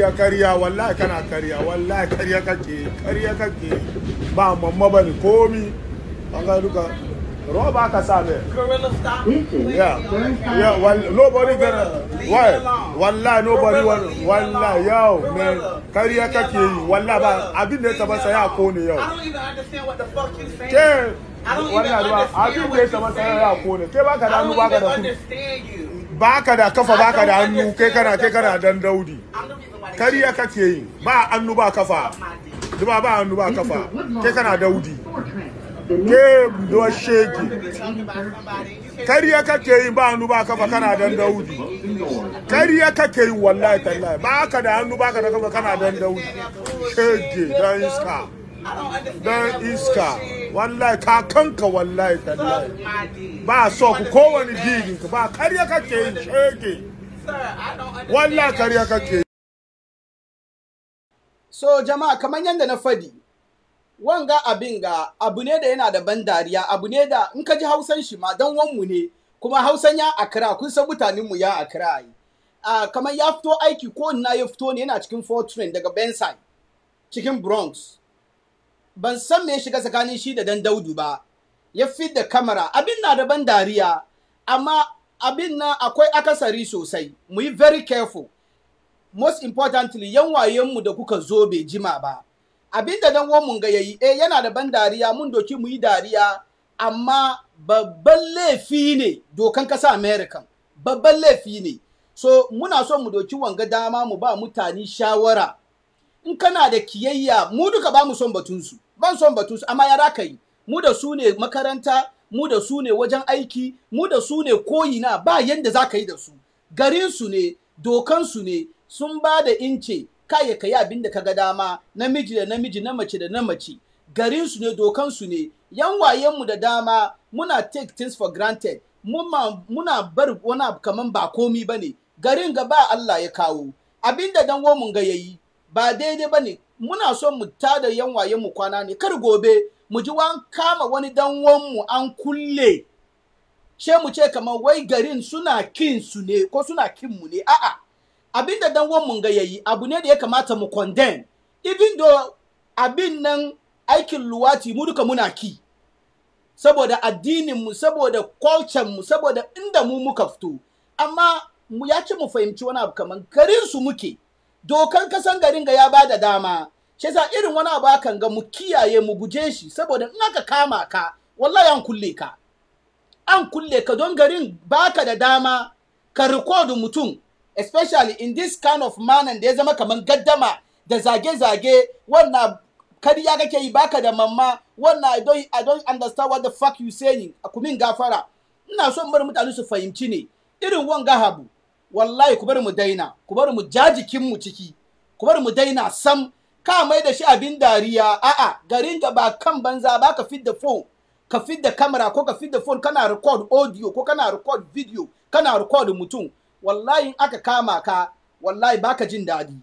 ya karya wallahi kana karya wallahi karya kake karya kake ba mamma bane komi an ga duka roba ka sa me yeah yeah well, nobody gonna why wallahi nobody wallahi yo man karya kake yi wallahi ba abin da ya taba saya ko ne not even understand abin da ya taba saya ko ne ke baka da hannu baka da you baka da kafa baka da hannu kai kana kai kana dan daudi kariya kake yi ba hannu ba kafa duba ba hannu ba kafa kai kana daudi ke duwa shege kariya kake yi ba hannu ba kafa kana dan daudi kariya kake yi wallahi tallahi baka da hannu baka da kafa kana dan daudi shege dan iska dan iska wallahi kanka wallahi tallahi ba so ku kowane digin ka ba karya kake yin shege wallahi karya kake so jama'a kamar yadda na fadi wanga abin ga abu ne da yana da ban dariya abu ne da in ka ji hausan shi ma dan wanmu ne kuma hausan ya akira kun san mutanen mu ya akira yi uh, kamar ya fito aiki ko na ya fito ne yana cikin fortune daga bensai cikin bronx ban san me ya shiga tsakanin shi da dan daudu ba ya fi da kamara abin na da ban dariya amma abin nan akwai akasari sosai mu yi very careful most importantly yan wayenmu da kuka zo bai jima ba abin da dan uwan ga yayi eh yana da ban dariya mun doki mu yi dariya amma babban laifi ne dokan kasa american babban laifi ne so muna so mu doki wanga dama mu ba mutane shawara in kana da kiyayya mu duka ba mu son batunsu ban son batunsu amma ya raka yi mu da su ne makaranta mu da su ne wajen aiki mu da su ne koyina ba yanda za ka yi da su su ne dokansu ne sun ba da ince kaya ka yi abin da ka ga dama namiji da namiji na mace da na mace su ne dokansu ne yan wayenmu da dama muna take things for granted muna bar wani abu kaman ba komi ba ne garin ga ba Allah ya kawo Abinda da dan mun ga yayi ba daidai ba ne muna so mu tada yan waye mu kwana ne kar gobe mu ji wan kama wani dan wanmu an kulle Ce mu ce kamar wai garin suna kin su ne ko suna kin mu ne a'a abinda dan wanmu ga yayi abu ne da ya kamata mu condemn even though abin nan aikin luwati mu duka muna ki saboda addinin mu saboda culture mu saboda inda mu muka fito amma mu ya ce mu fahimci wani abu kamar garin su muke dokan kasan garin ga ya bada dama shi yasa irin wani abu kan ga mu kiyaye mu guje shi saboda in aka kama ka wallahi an kulle ka an kulle ka don garin baka da dama ka record mutum especially in this kind of manner da ya zama kaman gaddama da zage-zage wannan kariya kake yi baka da mamma wannan I don't, I don't understand what the fuck you saying a gafara ina so mutane su fahimci ne irin wanga habu wallahi ku bari mu daina ku bari mu jajikin mu ciki ku bari mu daina sam ka mai da shi abin dariya a'a garin ka ba kan banza ba ka fit da phone ka fit da camera ko ka fit da phone kana record audio ko kana record video kana record mutum wallahi aka kama ka wallahi baka jin daɗi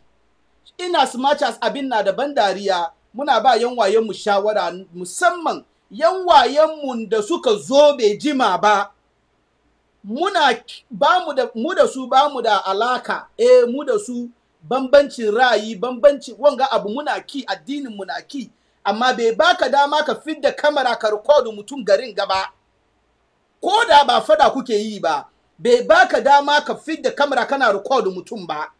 ina smashers abin na da bandariya muna ba yan wayen mu shawara musamman yan wayen mu da suka zo bai jima ba muna ba mu da mu da su ba mu da alaka eh mu da su bambancin ra'ayi bambancin wanga abu muna ki addinin muna ki amma bai baka dama ka fidda kamera ka record mutum garin gaba ko da ba fada kuke yi ba bai baka dama ka fidda kamera kana record mutum ba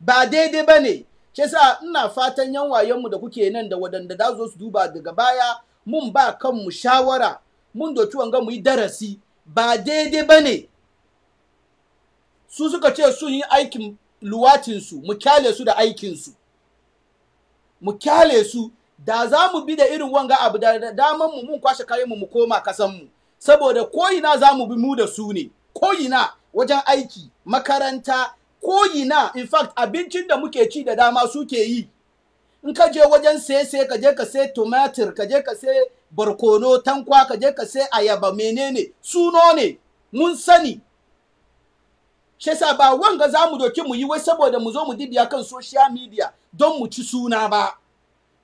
ba daidai ba ne ke sa ina fatan yan wayonmu da kuke nan da wadanda da zo su duba daga baya mun ba kanmu shawara mun doki wanga mu yi darasi ba daidai ba ne su suka ce sun yi aikin luwacinsu mu kyale su da aikinsu mu kyale su da za mu bi da irin wanga abu da daman mu mun kwashe kayanmu mu koma kasanmu saboda koyina za mu bi mu da su ne koyina wajen aiki makaranta koyina in fact abincin da muke ci da dama suke yi in ka je wajen sai sai ka je ka sai tumatir ka je ka sai barkono tankwa ka je ka sai ayaba menene suno ne mun sani shi sa ba wanga za mu doki mu yi wai saboda mu zo mu dibiya kan social media don mu ci suna ba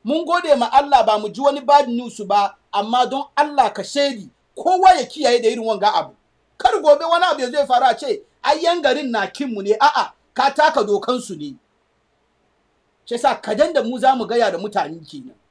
mun gode ma Allah ba mu ji wani bad news ba amma don Allah ka shedi kowa ya kiyaye da irin wanga abu kar gobe wani abu ya zai fara ce ai yan garin na kinmu ne a'a ka taka dokan su ne shi yasa kadan da mu za mu gaya da mutane kenan